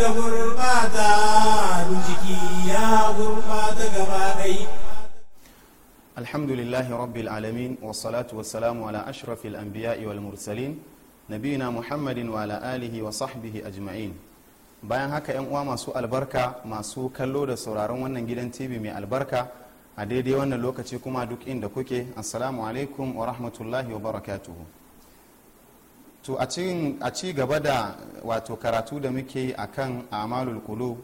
da gurbata jiki ya gurbata gaba ɗai alhamdulillahi rabbil alamin wassalatu wassalamu ala ashrafil anbiya'i wal mursalin nabiyina muhammadin wa ala alihi wa sahbihi ajma'in bayan haka yan uwa masu albarka masu kallo da sauraron wannan gidan tv mai albarka a daidai wannan lokaci kuma duk inda kuke assalamu alaikum wa rahmatullahi wa barakatuhu to a ci gaba da wato karatu da muke a akan amalul kulu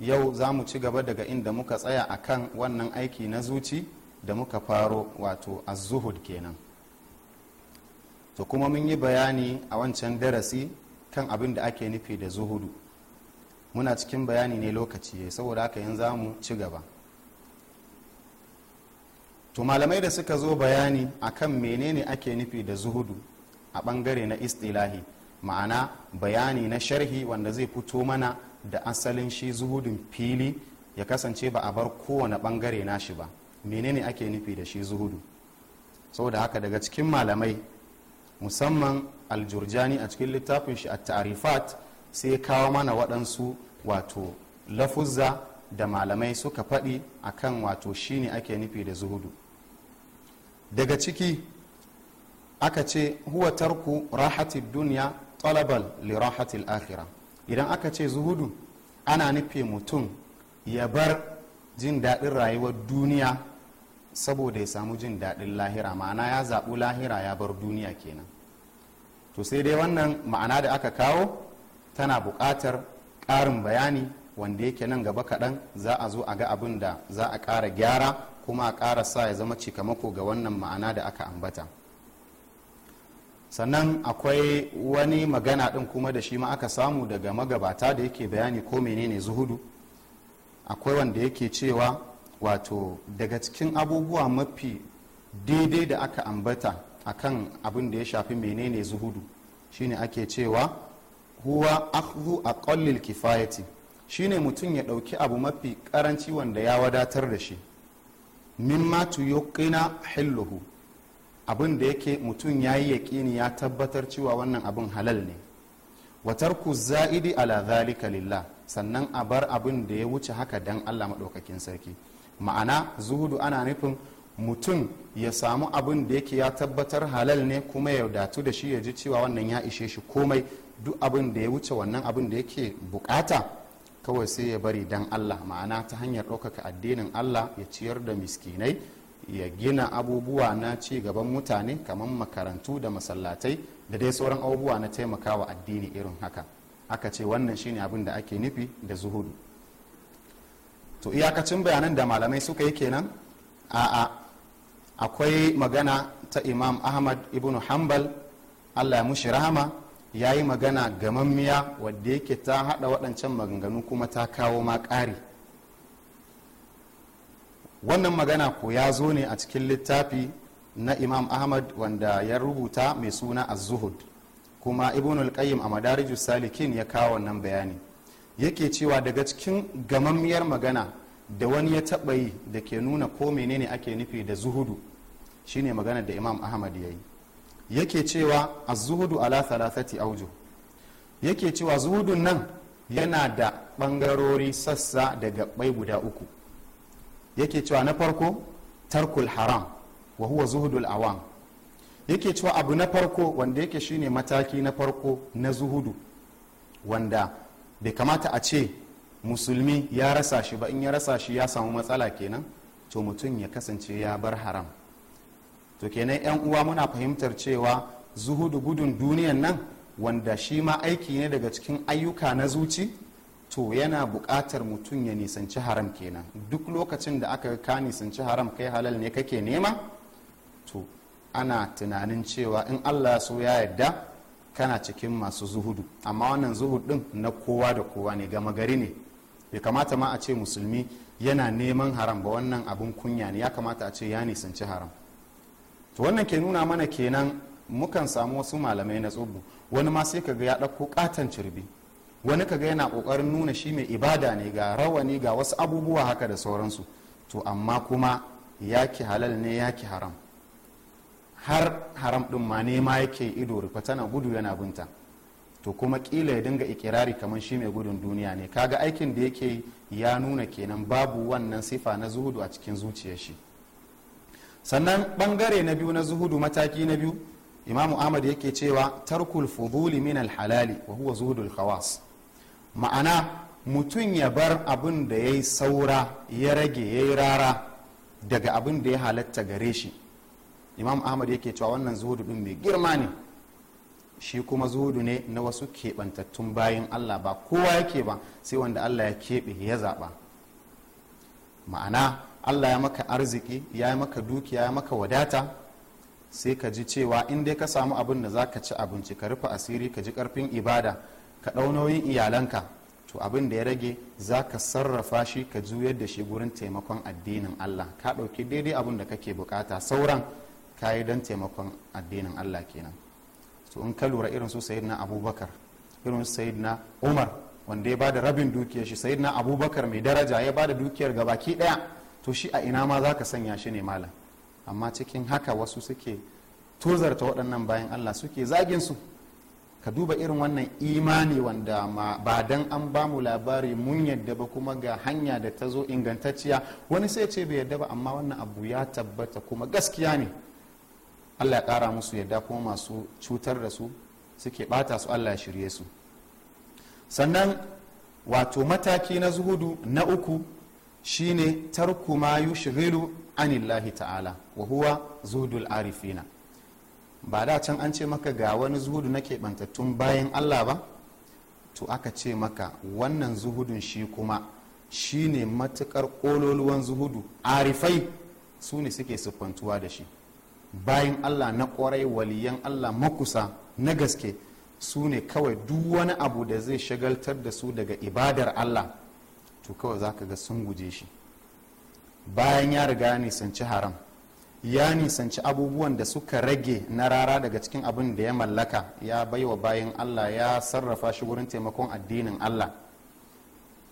yau za mu ci gaba daga inda muka tsaya a kan wannan aiki na zuci da muka faro wato azuhud zuhud kenan to kuma mun yi bayani a wancan darasi kan abin da ake nufi da zuhudu muna cikin bayani ne lokaci ya saboda haka yanzu za mu ci gaba to malamai da suka zo bayani a kan menene ake nufi da zuhudu a ɓangare na istilahi ma'ana bayani na sharhi wanda zai fito mana da asalin shi zuhudin fili ya kasance ba a bar kowane bangare na shi ba menene ake nufi da shi zuhudu saboda haka daga cikin malamai musamman aljurjani a cikin littafin shi a tarifat sai ya kawo mana waɗansu wato lafuzza da malamai suka faɗi a kan wato shi ne ake nufi da zuhudu daga ciki aka ce huwa tarku rahati duniya talaban lirahatil akhira idan aka ce zuhudu ana nufi mutum ya bar jin daɗin rayuwar duniya saboda ya samu jin daɗin lahira ma'ana ya zaɓi lahira ya bar duniya kenan to sai dai wannan ma'ana da aka kawo tana buƙatar ƙarin bayani wanda yake nan gaba kaɗan za a zo a ga abin da za a ƙara gyara kuma a ƙara sa ya zama cikamako ga wannan ma'ana da aka ambata. sannan akwai wani magana ɗin kuma da shi ma aka samu daga magabata da yake bayani ko menene zuhudu akwai wanda yake cewa wato daga cikin abubuwa mafi daidai da aka ambata akan abin da ya shafi menene zuhudu shine ake cewa huwa akhdhu aqallil kifayati shine mutum ya ɗauki abu mafi karanci wanda ya wadatar da shi mimma tuyoqina hilluhu abin da yake mutum ya yi yaƙini ya tabbatar cewa wannan abin halal ne watar ku za'idi ala zalika lillah sannan a bar abin da ya wuce haka dan allah maɗaukakin sarki ma'ana zuhudu ana nufin mutum ya samu abin da yake ya tabbatar halal ne kuma ya datu da shi ya ji cewa wannan ya ishe shi komai duk abin da ya wuce wannan abin da yake bukata kawai sai ya bari dan allah ma'ana ta hanyar ɗaukaka addinin allah ya ciyar da miskinai ya gina abubuwa na ci gaban mutane kamar makarantu da masallatai da dai sauran abubuwa na taimakawa addini irin haka aka ce wannan shine abin da ake nufi da zuhudu to iyakacin bayanan da malamai suka yi kenan a'a akwai magana ta imam ahmad ibn hanbal allah ya mushi rahama ya yi magana gamammiya wadda yake ta hada waɗancan maganganu kuma ta kawo ma ƙari wannan magana ko ya zo ne a cikin littafi na imam ahmad wanda ya rubuta mai suna az-zuhud kuma ibn al-qayyim a madariju salikin ya kawo wannan bayani yake cewa daga cikin gamammiyar magana da wani ya taɓa yi da ke nuna ko menene ake nufi da zuhudu shine magana da imam ahmad ya yi yake cewa az-zuhudu ala thalathati auju yake cewa zuhudun nan yana da ɓangarori sassa daga bai guda uku yake cewa na farko tarkul haram wa huwa zuhudul awam yake cewa abu na farko wanda yake shine mataki na farko na zuhudu wanda bai kamata a ce musulmi ya rasa shi ba in ya rasa shi ya samu matsala kenan to mutum ya kasance ya bar haram to kenan yan uwa muna fahimtar cewa zuhudu gudun duniyan nan wanda shi ma aiki ne daga cikin ayyuka na zuci to yana buƙatar mutum ya nisanci haram kenan duk lokacin da aka ka nisanci haram kai halal ne kake nema to ana tunanin cewa in allah ya so ya yarda kana cikin masu zuhudu amma wannan zuhud din na kowa da kowa ne gama gari ne bai kamata ma a ce musulmi yana neman haram ba wannan abin kunya ne ya kamata a ce ya nisanci haram to wannan ke nuna mana kenan mukan samu wasu malamai na tsubu wani ma sai ka ga ya ɗauko ƙaton cirbi wani ka ga yana kokarin nuna shi mai ibada ne ga rawani ga wasu abubuwa haka da sauransu to amma kuma ya ki halal ne ya ki haram har haram din ma nema yake ido rufe tana gudu yana binta to kuma kila ya dinga ikirari kamar shi mai gudun duniya ne kaga aikin da yake ya nuna kenan babu wannan sifa na zuhudu a cikin zuciyar shi sannan bangare na biyu na zuhudu mataki na biyu imamu ahmad yake cewa tarkul fuduli min alhalali wa huwa zuhudul khawas ma'ana mutum ya bar abin da ya yi saura ya rage ya yi rara daga abin da ya halatta gare shi imam ahmad yake cewa wannan zuhudu din mai girma ne shi kuma zuhudu ne na wasu keɓantattun bayan allah ba kowa yake ba sai wanda allah ya keɓe ya zaɓa ma'ana allah ya maka arziki ya yi maka dukiya ya maka wadata sai ka ji cewa in dai ka samu abin da za ka ci abinci ka rufe asiri ka ji karfin ibada ka ɗau nauyin iyalanka to abin da ya rage za ka sarrafa shi ka juyar da shi gurin taimakon addinin allah ka ɗauki daidai abin da kake bukata sauran ka yi don taimakon addinin allah kenan to in ka lura irin su sayidina abubakar irin su sayidina umar wanda ya bada rabin dukiyar shi sayidina abubakar mai daraja ya bada dukiyar ga baki ɗaya to shi a ina ma za ka sanya shi ne malam amma cikin haka wasu suke tozarta waɗannan bayan allah suke zagin su ka duba irin wannan imani wanda ba dan an ba mu labari mun yadda ba kuma ga hanya da ta zo ingantacciya wani sai ce bai yadda ba amma wannan abu ya tabbata kuma gaskiya ne allah ya kara musu yadda kuma masu cutar da su suke bata su allah ya shirye su sannan wato mataki na zuhudu na uku shine tarku ma yushghilu anillahi ta'ala wa huwa zuhdul arifina ba da can an ce maka ga wani zuhudu na keɓantattun bayan allah ba to aka ce maka wannan zuhudun shi kuma shi ne matuƙar ƙololuwan zuhudu arifai su ne suke siffantuwa da shi bayan allah na ƙwarai waliyan allah makusa na gaske su ne kawai duk wani abu da zai shagaltar da su daga ibadar allah to kawai za ka ga sun guje shi bayan ya riga nisanci haram ya nisanci abubuwan da suka rage na rara daga cikin abin da ya mallaka ya baiwa bayan allah ya sarrafa shi wurin taimakon addinin allah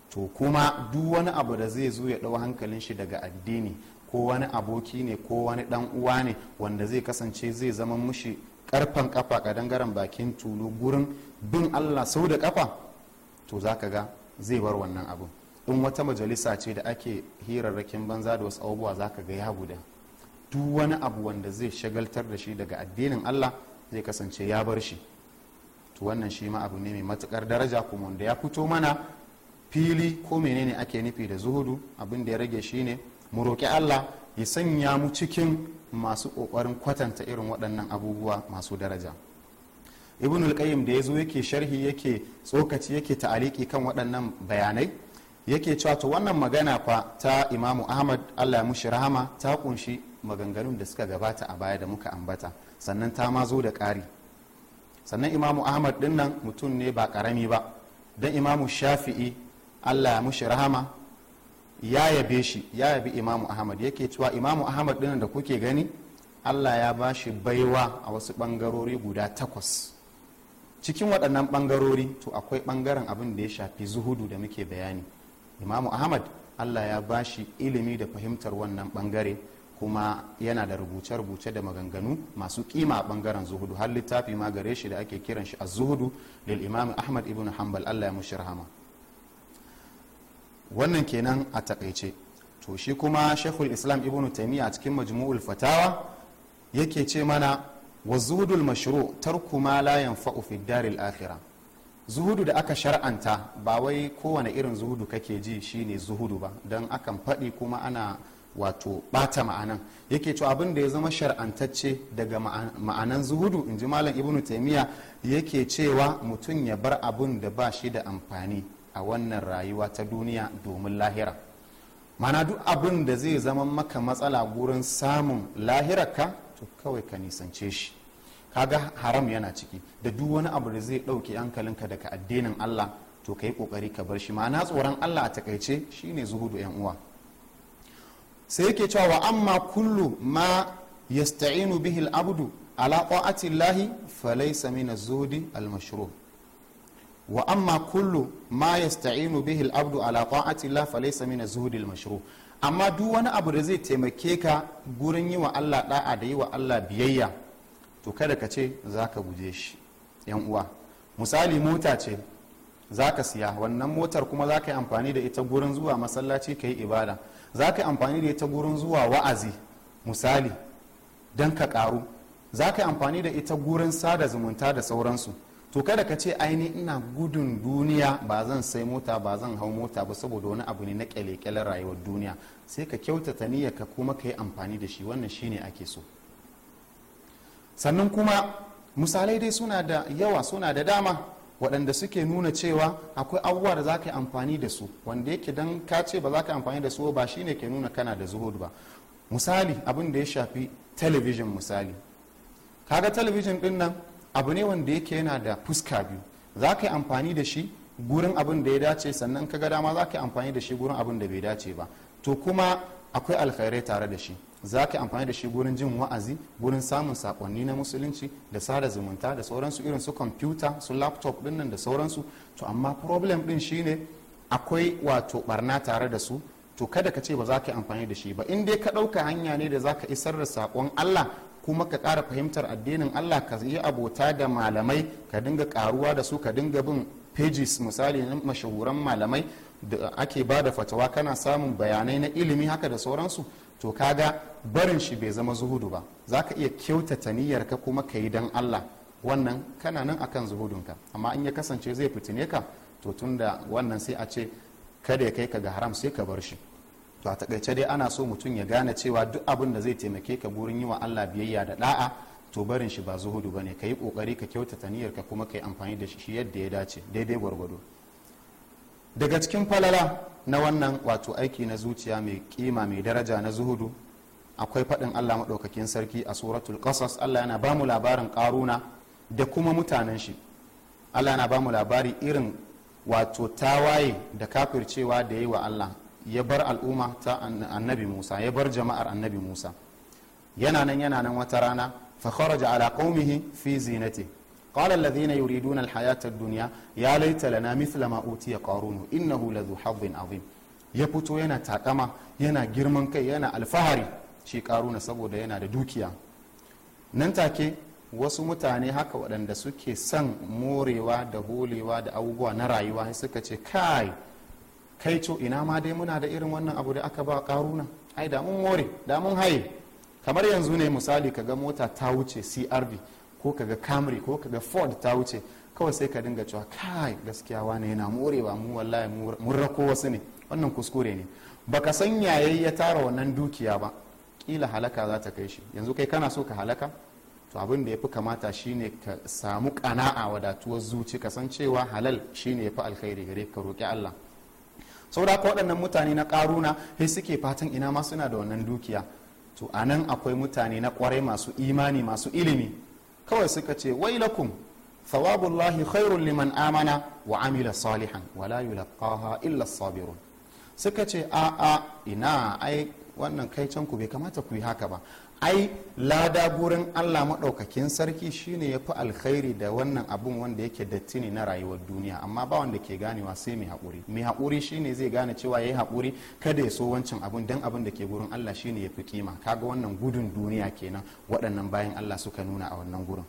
to kuma duk wani abu da zai zo ya ɗau hankalin shi daga addini ko wani aboki ne ko wani ɗan uwa ne wanda zai kasance zai zama mushi karfan kafa ƙadangaren bakin tulu gurin bin allah sau da kafa to za ka ga zai bar wannan abu in wata majalisa ce da ake hirarrakin banza da wasu abubuwa za ka ga ya guda duk wani abu wanda zai shagaltar da shi daga addinin allah zai kasance ya bar shi to wannan shi ma abu ne mai matukar daraja kuma wanda ya fito mana fili ko menene ake nufi da zuhudu abin da ya rage shi ne mu roƙi allah ya sanya mu cikin masu ƙoƙarin kwatanta irin waɗannan abubuwa masu daraja ibn al da ya zo yake sharhi yake tsokaci yake ta'aliki kan waɗannan bayanai yake cewa to wannan magana fa ta imamu ahmad allah ya mushi rahama ta kunshi maganganun da suka gabata a baya da muka ambata sannan ta ma zo da ƙari sannan imamu ahmad din nan mutum ne ba ƙarami ba don imamu shafi'i allah ya mushi rahama ya yabe shi ya yabi imamu ahmad yake cewa imamu ahmad din da kuke gani allah ya ba shi baiwa a wasu ɓangarori guda takwas cikin waɗannan ɓangarori to akwai ɓangaren abin da ya shafi zuhudu da muke bayani imamu ahmad allah ya ba shi ilimi da fahimtar wannan ɓangare kuma yana da rubuce-rubuce da maganganu masu kima a bangaren zuhudu har littafi ma gare shi da ake kiran shi a zuhudu lil imam ahmad ibn hanbal allah ya mushi rahama wannan kenan a takaice to shi kuma shekul islam ibn taimiyya a cikin majmu'ul fatawa yake ce mana wa zuhudul mashru tarku ma la yanfa'u fi daril akhirah zuhudu da aka shar'anta ba wai kowane irin zuhudu kake ji shine zuhudu ba don akan faɗi kuma ana wato bata ma'anan yake to abin da ya zama shar'antacce daga ma'anan zuhudu in ji malam ibnu taimiya yake cewa mutum ya bar abin da ba shi da amfani a wannan rayuwa ta duniya domin lahira mana duk abin da zai zama maka matsala gurin samun lahirarka to kawai ka nisance shi kaga haram yana ciki da duk wani abu da zai ɗauke hankalinka daga addinin allah to ka yi ƙoƙari ka bar shi ma'ana tsoron allah a takaice shine zuhudu yan uwa sai yake cewa wa amma kullu ma yasta'inu bihi al-abdu ala ta'ati llahi falaysa min az al-mashru' wa amma kullu ma yasta'inu bihi al-abdu ala ta'ati llahi falaysa min az al-mashru' amma duk wani abu da zai taimake ka gurin yi wa Allah da'a da yi wa Allah biyayya to kada ka ce za ka guje shi yan uwa misali mota ce za ka siya wannan motar kuma za ka yi amfani da ita gurin zuwa masallaci ka yi ibada za ka yi amfani da ita gurin zuwa wa'azi misali don ka karu za ka yi amfani da ita gurin sada zumunta da sauransu to kada ka ce aini ina gudun duniya ba zan sai mota ba zan hau mota ba saboda wani abu ne na kyalekyalen rayuwar duniya sai ka kyautata niyyar ka kuma ka yi amfani da shi wannan shi shine ake so sannan kuma misalai dai suna da yawa suna da dama waɗanda suke nuna cewa akwai abubuwa da za ka yi amfani da su wanda yake don ka ce ba za ka yi amfani da su ba shi ne ke nuna kana da zuhud ba misali abin da ya shafi talabijin misali kaga talabijin ɗin nan abu ne wanda yake yana da fuska biyu za ka yi amfani da shi gurin abin da ya dace sannan ka ga dama za ka yi amfani da shi gurin abin da bai dace ba to kuma akwai alkhairai tare da shi za ka amfani da shi gurin jin wa'azi gurin samun sakonni na musulunci da sada zumunta da sauransu irin su kwamfuta su laptop din nan da sauransu to amma problem din shine akwai wato barna tare da su to kada ka ce ba za ka amfani da shi ba in dai ka ɗauka hanya ne da za ka isar da sakon allah kuma ka ƙara fahimtar addinin allah ka yi abota da malamai ka dinga ƙaruwa da su ka dinga bin pages misali na mashahuran malamai da ake ba da fatawa kana samun bayanai na ilimi haka da sauransu to kaga barin shi bai zama zuhudu ba za ka iya kyautata niyyar ka kuma ka yi dan allah wannan kana nan akan zuhudunka amma in ya kasance zai fitine ka to tun da wannan sai a ce kada ya kai ka ga haram sai ka bar shi to a takaice dai ana so mutum ya gane cewa duk abin da zai taimake ka gurin yi wa allah biyayya da da'a to barin shi ba zuhudu bane ka yi kokari ka kyautata niyyar ka kuma ka yi amfani da shi yadda ya dace daidai gwargwado daga cikin falala na wannan wato aiki na zuciya mai kima mai daraja na zuhudu akwai faɗin allah maɗaukakin sarki a suratul qasas allah yana ba mu labarin ƙaruna da kuma mutanen shi allah yana ba mu labari irin wato tawaye da kafircewa da yi wa allah ya bar al'umma ta annabi musa ya bar jama'ar annabi musa yana nan yana nan wata rana fa kharaja ala qaumihi fi zinati قال الذين يريدون الحياة الدنيا يا ليت لنا مثل ما أوتي قارون إنه لذو حظ عظيم ya fito yana takama yana girman kai yana alfahari shi karuna saboda yana da dukiya nan take wasu mutane haka waɗanda suke son morewa da holewa da abubuwa na rayuwa suka ce kai kai co ina ma dai muna da irin wannan abu da aka ba karuna ai da mun more da mun haye kamar yanzu ne misali ka ga mota ta wuce crd. ko ka ga camry ko ka ga ford ta wuce kawai sai ka dinga cewa kai gaskiya wane yana morewa mu wallahi mun rako wasu ne wannan kuskure ne baka san yaye ya tara wannan dukiya ba kila halaka za ta kai shi yanzu kai kana so ka halaka to abin da ya fi kamata shine ka samu kana'a wadatuwar zuci ka san cewa halal shine ya fi alkhairi gare ka roƙi Allah saboda ko waɗannan mutane na ƙaruna sai suke fatan ina ma suna da wannan dukiya to anan akwai mutane na kwarai masu imani masu ilimi kawai suka ce wailakum sawabullahi khairun liman amana wa amila salihan wala yulqaha illa sabirun suka ce a a ina ai wannan kai can ku bai kamata ku yi haka ba ai lada gurin allah maɗaukakin sarki shine ya fi alkhairi da wannan abun wanda yake datti ne na rayuwar duniya amma ba wanda ke ganewa sai mai haƙuri mai haƙuri shine zai gane cewa ya yi haƙuri kada ya so wancan abun don abun da ke gurin allah shine ya fi kima kaga wannan gudun duniya kenan waɗannan bayan allah suka nuna a wannan gurin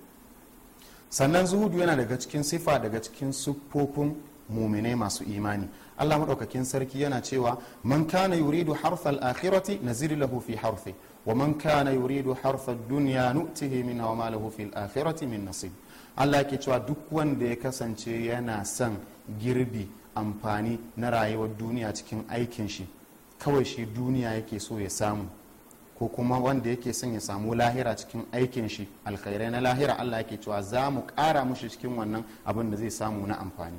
sannan zuhudu yana daga cikin sifa daga cikin siffofin muminai masu imani allah maɗaukakin sarki yana cewa man kana yuridu harfal akhirati nazir lahu fi harfi ومن كان يريد حرث الدنيا نؤته منها وما له في الآخرة من نصيب Allah ke cewa duk wanda ya kasance yana son girbi amfani na rayuwar duniya cikin aikin shi kawai shi duniya yake so ya samu ko kuma wanda yake son ya samu lahira cikin aikin shi alkhairai na lahira Allah yake cewa za mu kara mushi cikin wannan abin da zai samu na amfani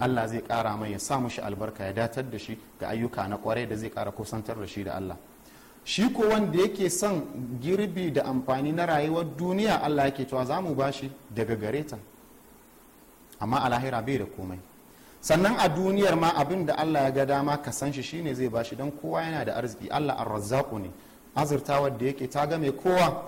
Allah zai kara mai ya sa mushi albarka ya datar da shi ga ayyuka na kwarai da zai kara kusantar da shi da Allah shi ko wanda yake son girbi da amfani na rayuwar duniya allah yake cewa za mu ba shi daga gare ta amma alahira bai da komai sannan a duniyar ma abin da allah ya ga dama ka san shi shine zai ba shi don kowa yana da arziki allah arrazzaku ne azurtawar da yake ta game kowa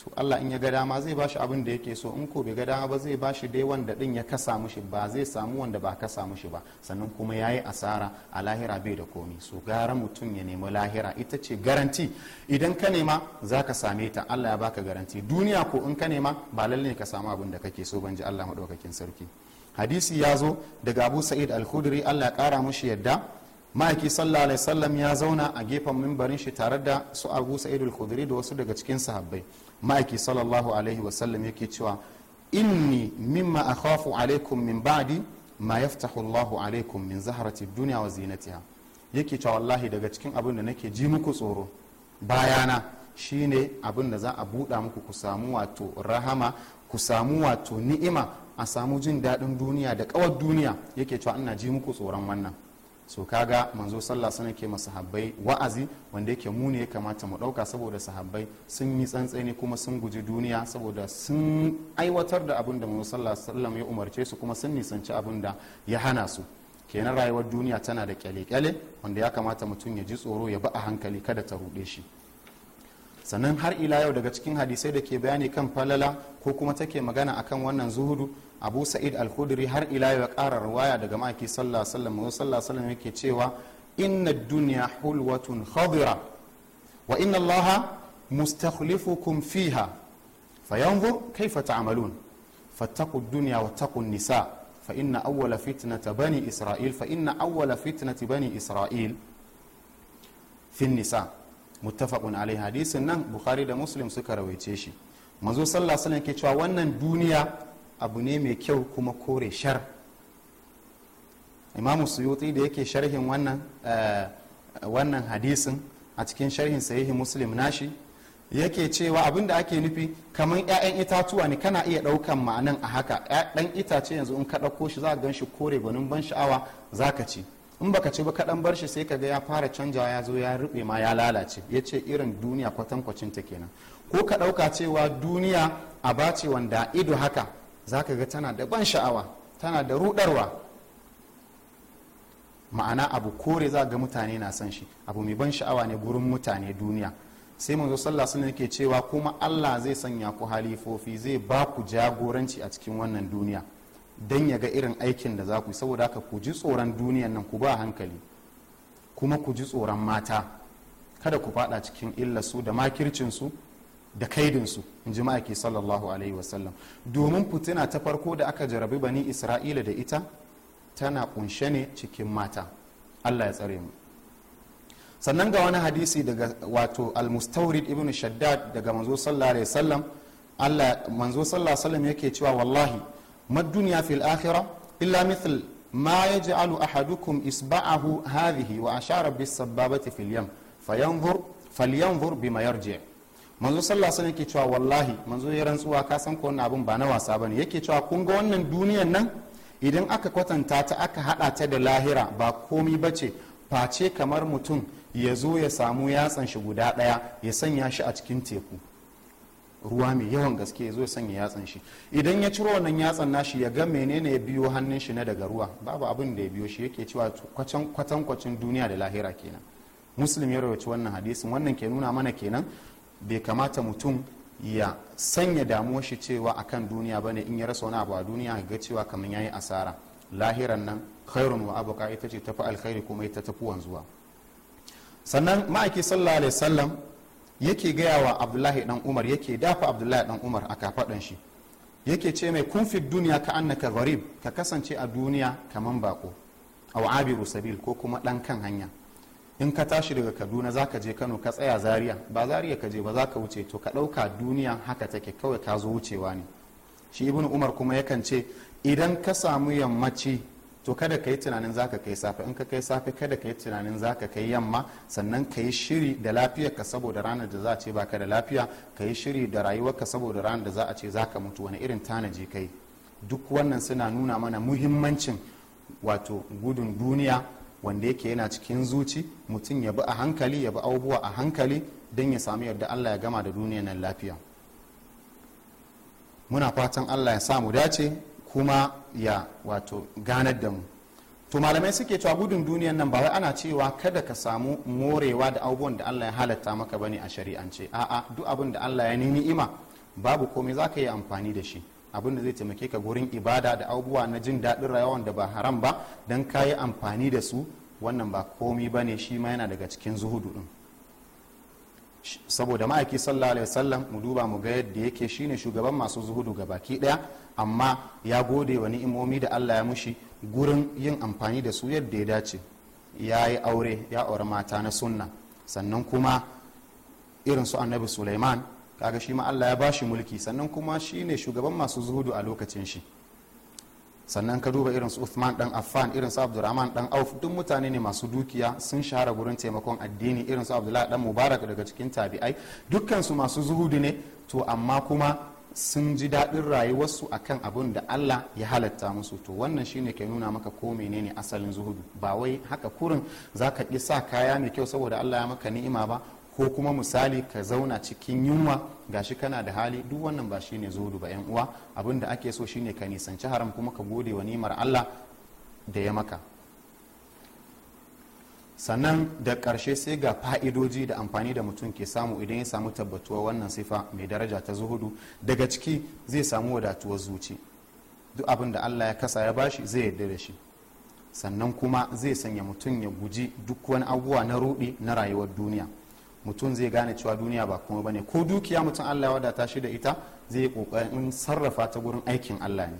to Allah in ya ga dama zai bashi abin da yake so in ko bai ga dama ba zai bashi dai wanda din ya kasa mushi ba zai samu wanda ba kasa mushi ba sannan kuma yayi asara a lahira bai da komi so gara mutum ya nemi lahira ita ce garanti idan ka nema zaka same ta Allah ya baka garanti duniya ko in ka nema ba lalle ka samu abin da kake so ban ji Allah madaukakin sarki hadisi ya zo daga Abu Sa'id Al-Khudri Allah ya kara mushi yadda ma'aiki sallallahu alaihi wasallam ya zauna a gefen mimbarin shi tare da su abu sa'idul khudri da wasu daga cikin sahabbai ma'aiki sallallahu alaihi wasallam yake cewa inni mimma akhafu alaikum min ba'di ma yaftahu Allahu alaikum min zahrati dunya wa zinatiha yake cewa wallahi daga cikin abin da nake ji muku tsoro bayana shine abin da za a buɗa muku ku samu wato rahama ku samu wato ni'ima a samu jin daɗin duniya da ƙawar duniya yake cewa ina ji muku tsoron wannan so kaga manzo sallah sana ke masahabbai wa'azi wanda yake mu ne ya kamata mu dauka saboda sahabbai sun yi tsantsani kuma sun guji duniya saboda sun aiwatar da abin da manzo sallah sallam ya umarce su kuma sun nisanci abin da ya hana su kenan rayuwar duniya tana da kyale-kyale wanda ya kamata mutum ya ji tsoro ya bi a hankali kada ta ruɗe shi sannan har ila yau daga cikin hadisai da ke bayani kan falala ko kuma take magana akan wannan zuhudu abu sa'id al-khudri har ila yau ƙara rawaya daga ma'aiki sallallahu alaihi wasallam sallallahu yake cewa inna dunya hulwatun khadira wa inna allaha mustakhlifukum fiha fayanzur kaifa ta'malun fattaqu dunya wattaqu an-nisa fa inna awwala fitnata bani isra'il fa inna awwala fitnati bani isra'il fi nisa muttafaqun alai hadisin nan bukhari da muslim suka rawaice shi manzo sallah sallan ke cewa wannan duniya abu ne mai kyau kuma kore shar imamu suyuti da yake sharhin wannan eh, wannan hadisin a cikin sharhin sahihi muslim nashi yake cewa abin da ake nufi kamar 'ya'yan itatuwa ne kana iya ɗaukan ma'anan a haka ɗan itace yanzu in ka ɗauko shi za gan shi kore gwanin ban sha'awa za ka ci in baka ce ba kaɗan bar shi sai kaga ya fara canjawa ya zo ya rube ma ya lalace ya ce irin duniya kwatankwacin ta kenan ko ka ɗauka cewa duniya a bace wanda ido haka zaka ga tana da ban sha'awa tana da rudarwa ma'ana abu kore za ga mutane na son shi abu mai ban sha'awa ne gurin mutane duniya sai manzo sallah sun yake cewa kuma allah zai sanya ku halifofi zai ba ku jagoranci a cikin wannan duniya don ya ga irin aikin da za ku yi saboda haka ku ji tsoron duniyan nan ku ba hankali kuma ku ji tsoron mata kada ku fada cikin illarsu da makircinsu da kaidinsu in ji ma'aiki sallallahu alaihi wasallam domin fitina ta farko da aka jarabi bani isra'ila da ita tana kunshe ne cikin mata allah ya tsare mu sannan ga wani hadisi daga wato al-mustawrid ibn shaddad daga manzo sallallahu alaihi wasallam allah manzo sallallahu alaihi wasallam yake cewa wallahi mad-dunya fil akhirah illa mithl ma yaj'alu ahadukum isba'ahu hadhihi wa ashara bis sababati fil yam fayanzur falyanzur manzo sallah sun yake cewa wallahi manzo ya rantsuwa ka san ko wannan abin ba na wasa bane yake cewa kun ga wannan duniyan nan idan aka kwatanta ta aka hada ta da lahira ba komi bace face kamar mutum ya zo ya samu yatsan shi guda daya ya sanya shi a cikin teku ruwa mai yawan gaske ya zo ya sanya yatsan shi idan ya ciro wannan yatsan nashi ya ga menene ya biyo hannun shi na daga ruwa babu abin da ya biyo shi yake cewa kwatan kwacin duniya da lahira kenan muslim ya rawaci wannan hadisin wannan ke nuna mana kenan bai kamata mutum ya sanya damuwar shi cewa akan duniya bane in ya rasa wani abu a duniya ga cewa kamar yayi asara lahiran nan khairun wa abuka ita ce tafi alkhairi kuma ita tafi wanzuwa sannan ma'aiki sallallahu alaihi wasallam yake gaya wa abdullahi dan umar yake dafa abdullahi dan umar a kafaɗan shi yake ce mai kun fi duniya ka annaka gharib ka kasance a duniya kaman bako aw abiru sabil ko kuma dan kan hanya in ka tashi daga kaduna zaka je kano ka tsaya zaria ba zariya ka je ba zaka wuce to ka ɗauka duniya haka take kawai ka zo wucewa ne shi ibnu umar kuma yakan ce idan ka samu yammaci to kada ka yi tunanin zaka kai safe in ka kai safe kada ka yi tunanin zaka kai yamma sannan ka yi shiri da lafiyar ka saboda ranar da za a ce baka da lafiya ka yi shiri da rayuwar ka saboda ranar da za a ce zaka mutu wani irin tanaji kai duk wannan suna nuna mana muhimmancin wato gudun duniya wanda yake yana cikin zuci mutum ya bi a hankali ya bi abubuwa a hankali don ya sami yadda allah ya gama da duniya nan lafiya muna fatan allah ya samu dace kuma ya wato ganar da mu to malamai suke cewa gudun duniyan nan ba wai ana cewa kada ka samu morewa da abubuwan da Allah ya halatta maka bane a shari'ance a'a duk abin da Allah ya nemi ima babu komai zaka yi amfani da shi abin da zai taimake ka gurin ibada da abubuwa na jin daɗin rayuwar da ba haram ba don kayi amfani da su wannan ba komai bane ne shi ma yana daga cikin zuhudu din saboda ma'aiki sallallahu alaihi wasallam mu duba mu ga yadda yake shine shugaban masu zuhudu ga baki ɗaya. amma ya gode wa ni'imomi da allah ya mushi gurin yin amfani da su yadda ya dace ya yi aure ya aure mata na sunna sannan kuma irin su annabi suleiman kaga shi ma allah ya ba shi mulki sannan kuma shi ne shugaban masu zuhudu a lokacin shi sannan ka duba irin su uthman dan affan irin su abdurrahman dan auf duk mutane ne masu dukiya sun shahara gurin taimakon addini irin su abdullahi dan mubarak daga cikin tabi'ai dukkan su masu zuhudu ne to amma kuma sun ji daɗin rayuwarsu akan abin da Allah ya halatta musu to wannan shine ke nuna maka ko menene asalin zuhudu ba wai haka kurin za ka ƙi sa kaya mai kyau saboda Allah ya maka ni'ima ba ko kuma misali ka zauna cikin yunwa gashi kana da hali duk wannan ba shine zuhudu ba yan uwa abin da ake so shine ka nisanci haram kuma ka gode wa nimar Allah da ya maka sannan da karshe sai ga fa'idoji da amfani da mutum ke samu idan ya samu tabbatuwa wannan sifa mai daraja ta zuhudu daga ciki zai samu wadatuwar zuci duk abin da allah ya kasa ya bashi zai yarda da shi sannan kuma zai sanya mutum ya guji duk wani abubuwa na rudi na rayuwar duniya mutum zai gane cewa duniya ba kuma bane ko dukiya mutum allah ya wadata shi da ita zai yi kokarin sarrafa ta wurin aikin allah ne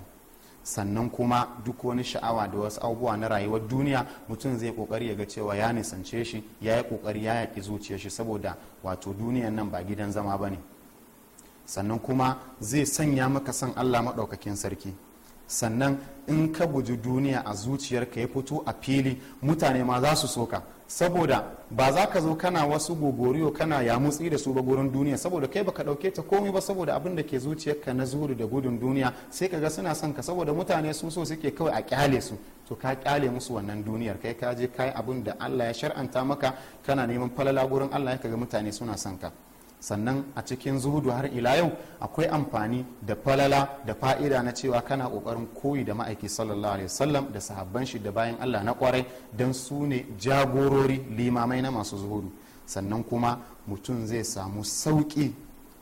sannan kuma duk wani sha'awa da wasu abubuwa na rayuwar duniya mutum zai kokari ya ga cewa ya nisance shi ya yi kokari ya yaki zuciya shi saboda wato duniyan nan ba gidan zama ba ne sannan kuma zai sanya maka san allah maɗaukakin sarki sannan in ka guji duniya a zuciyarka ya fito a fili mutane ma za su soka saboda ba za ka zo kana wasu gogoriyo kana ya yamutsi da su ba gurin duniya saboda kai baka dauke ta komai ba saboda abin da ke zuciyarka na zuri da gudun duniya sai ka ga suna son ka saboda mutane su so suke kawai a kyale su to ka kyale musu wannan duniyar kai ka je kai abin da Allah ya shar'anta maka kana neman falala gurin Allah ya ga mutane suna son ka sannan a cikin zuhudu har ila yau akwai amfani da falala da fa'ida na cewa kana kokarin koyi da ma'aiki sallallahu alaihi wasallam da sahabban shi da bayan Allah na kwarai don su ne jagorori limamai na masu zuhudu sannan kuma mutum zai samu sauki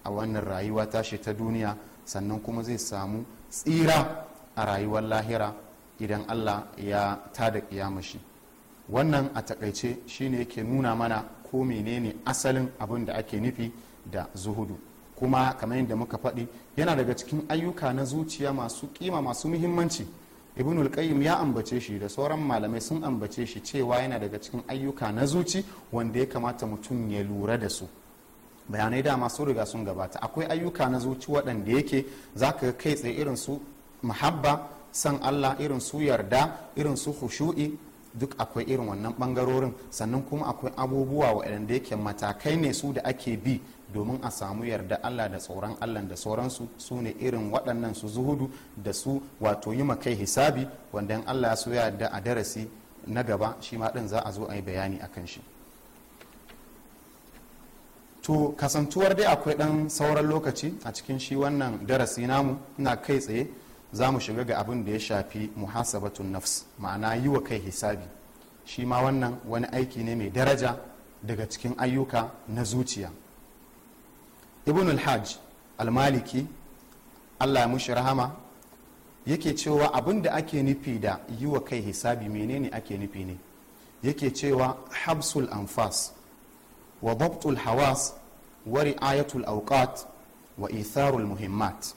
a wannan rayuwa tashi ta duniya sannan kuma zai samu tsira a rayuwar lahira idan Allah ya tada kiyamashi wannan a takaice shine yake nuna mana ko menene asalin abin da ake nufi da zuhudu kuma kamar yadda muka faɗi yana daga cikin ayyuka na zuciya masu kima masu muhimmanci ibn qayyim ya ambace shi da sauran malamai sun ambace shi cewa yana daga cikin ayyuka na zuci wanda ya kamata mutum ya lura da su bayanai dama sun riga sun gabata akwai ayyuka na zuci waɗanda yake za ka kai tsaye irin su muhabba san allah irin su yarda irin su hushu'i duk akwai irin wannan bangarorin sannan kuma akwai abubuwa waɗanda yake matakai ne su da ake bi domin a samu yarda Allah da tsoron Allah da sauransu su ne irin waɗannan su zuhudu da su wato yi kai hisabi wanda in Allah su yarda a darasi na gaba shi ma ɗin za a zo a yi bayani akan shi to kasantuwar dai akwai ɗan sauran lokaci a cikin shi wannan darasi namu ina kai tsaye za mu shiga ga abin da ya shafi muhasabatun nafs ma'ana yi wa kai hisabi shi ma wannan wani aiki ne mai daraja daga cikin ayyuka na zuciya ibn al-hajj al-maliki allah ya mushi rahama yake cewa abin da ake nufi da yi wa kai hisabi menene ake nufi ne yake cewa habsul anfas wa babtul hawas wa ri'ayatul awqat wa itharul muhimmat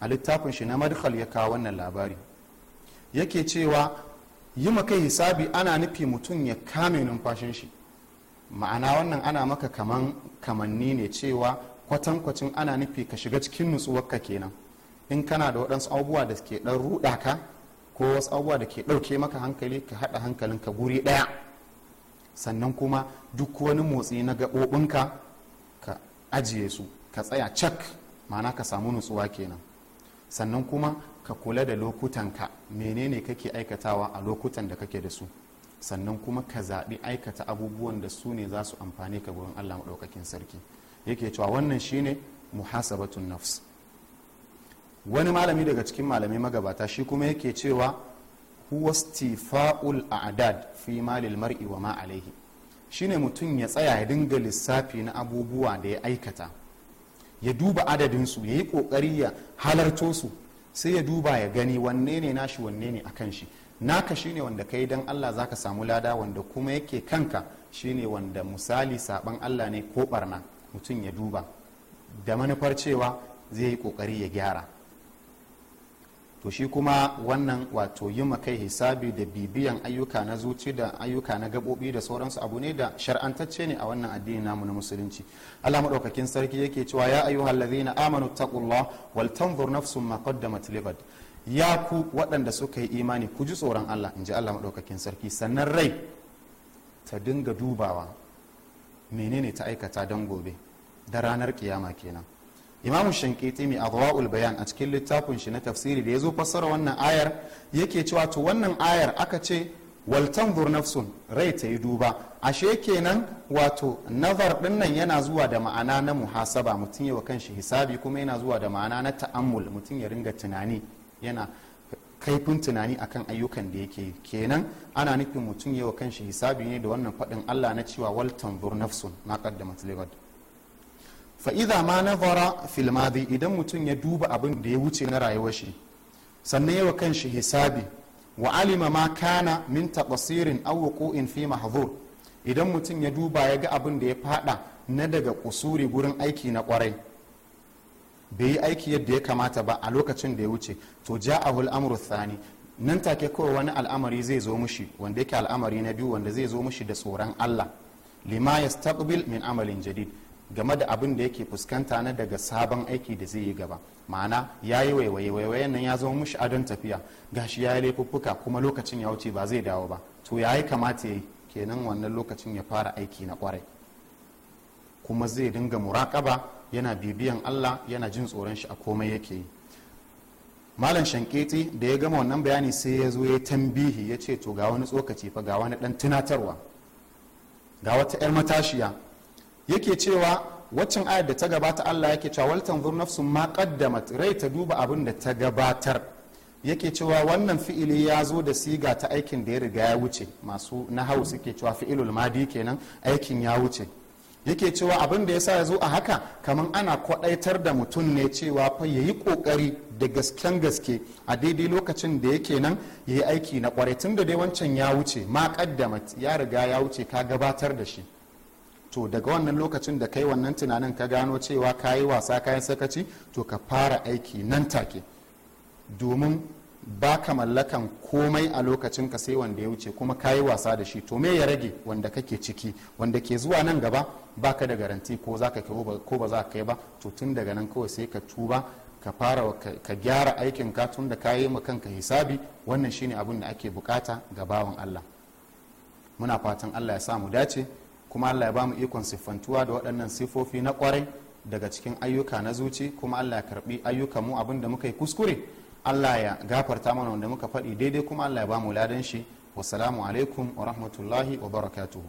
a littafin shi na madkhal ya kawo wannan labari yake cewa yi kai hisabi ana nufi mutum ya kame numfashin shi ma'ana wannan ana maka kaman kamanni ne cewa kwatankwacin ana nufi ka shiga cikin ka kenan in kana da waɗansu abubuwa da ke ɗan ruɗa ka ko wasu abubuwa da ke ɗauke maka hankali ka haɗa hankalin ka guri ɗaya sannan kuma duk wani motsi na gaɓoɓinka ka ka ajiye su ka tsaya cak ma'ana ka samu nutsuwa kenan sannan kuma ka kula da lokutan ka menene kake aikatawa a lokutan da kake da su sannan kuma ka zaɓi aikata abubuwan da su ne za su amfane ka gurin allah maɗaukakin sarki yake cewa wannan shine muhasabatun nafs wani malami daga cikin malamai magabata shi kuma yake cewa huwa stifa'ul a'dad fi malil mar'i wa ma alaihi shine mutum ya tsaya ya dinga lissafi na abubuwa da ya aikata ya duba adadinsu ya yi kokari ya halarto su sai ya duba ya gani wanne ne nashi wanne ne akan shi naka shine wanda kai dan Allah zaka samu lada wanda kuma yake kanka shine wanda misali saban Allah ne ko barna mutum ya duba da manufar cewa zai yi kokari ya gyara to shi kuma wannan wato yi kai hisabi da bibiyan ayyuka na zuci da ayyuka na gabobi da sauransu abu ne da shar'antacce ne a wannan addini namu na musulunci Allah madaukakin sarki yake cewa ya ayyuhal ladzina amanu taqullah wal tanzur nafsun ma qaddamat ligad ya ku waɗanda suka yi imani ku ji tsoron Allah inji Allah madaukakin sarki sannan rai ta dinga dubawa menene ta aikata don gobe da ranar kiyama kenan imamu shankiti mai adwa'ul bayan a cikin littafin shi na tafsiri da ya zo fassara wannan ayar yake cewa to wannan ayar aka ce waltan nafsun rai ta yi duba ashe kenan wato nazar din nan yana zuwa da ma'ana na muhasaba mutum yawa kanshi hisabi kuma yana zuwa da ma'ana na ta'ammul mutum ya ringa tunani yana kaifin tunani akan ayyukan da yake kenan ana nufin mutum yawa kanshi hisabi ne da wannan faɗin allah na cewa waltan nafsun na qaddamat fa'iza ma nazara fil madi idan mutum ya duba abin da ya wuce na rayuwar shi sannan yawa kan shi hisabi wa alima ma kana min taqsirin aw wuqu'in fi mahzur idan mutum ya duba ya ga abin da ya fada na daga kusuri gurin aiki na kwarai bai yi aiki yadda ya kamata ba a lokacin da ya wuce to ja'ahu al-amru thani nan take kawai wani al'amari zai zo mushi wanda yake al'amari na biyu wanda zai zo mushi da tsoron Allah lima yastaqbil min amalin jadid game da abin da yake fuskanta na daga sabon aiki da zai yi gaba ma'ana ya yi waiwaye waiwayen nan ya zama mushi adon tafiya gashi ya yi laifuffuka kuma lokacin ya wuce ba zai dawo ba to ya yi kamata ya kenan wannan lokacin ya fara aiki na kwarai kuma zai dinga muraƙaba yana bibiyan allah yana jin tsoron shi a komai yake yi malam shanketi da ya gama wannan bayani sai ya zo ya tambihi ya ce to ga wani tsokaci fa ga wani dan tunatarwa ga wata 'yar matashiya yake cewa waccan ayar da ta gabata Allah yake cewa wal tanzur nafsun ma qaddamat rai ta duba abin da ta gabatar yake cewa wannan fi'ili ya zo da siga ta aikin da ya riga ya wuce masu nahawu suke cewa fi'ilul madi kenan aikin ya wuce yake cewa abin da ya sa ya zo a haka kamar ana kwaɗaitar da mutum ne cewa fa ya yi da gasken gaske a daidai lokacin da yake nan yayi aiki na kwarai tun da dai wancan ya wuce ma qaddamat ya riga ya wuce ka gabatar da shi to daga wannan lokacin da kai wannan tunanin ka gano cewa ka yi wasa kayan sakaci to ka fara aiki nan take domin ba ka mallakan komai a lokacin ka sai wanda ya wuce kuma ka yi wasa da shi to me ya rage wanda kake ciki wanda ke zuwa nan gaba ba ka da garanti ko za ka kai ko ba za ka kai ba to tun daga nan kawai sai ka tuba ka fara ka gyara aikin ka tun da ka yi ma kanka hisabi wannan shine abin da ake bukata ga bawan Allah muna fatan Allah ya mu dace kuma allah ya ba mu ikon siffantuwa da waɗannan siffofi na ƙwarai daga cikin ayyuka na zuci kuma allah ya karbi ayyukan mu abin da muka yi kuskure allah ya gafarta mana wanda muka faɗi daidai kuma allah ya ba mu ladan shi wasalamu alaikum wa rahmatullahi wa barakatuhu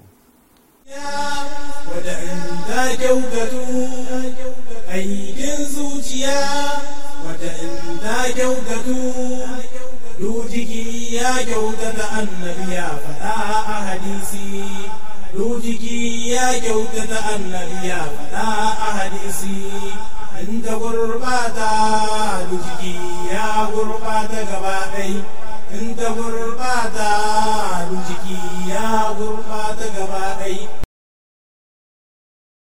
dujiki ya kyautata annabi ya faɗa a hadisi rujiki ya kyautata annabi ya faɗa a hadisi in ta gurɓata rujiki ya gurɓata gaba ɗai in ta gurɓata rujiki ya gurɓata gaba ɗai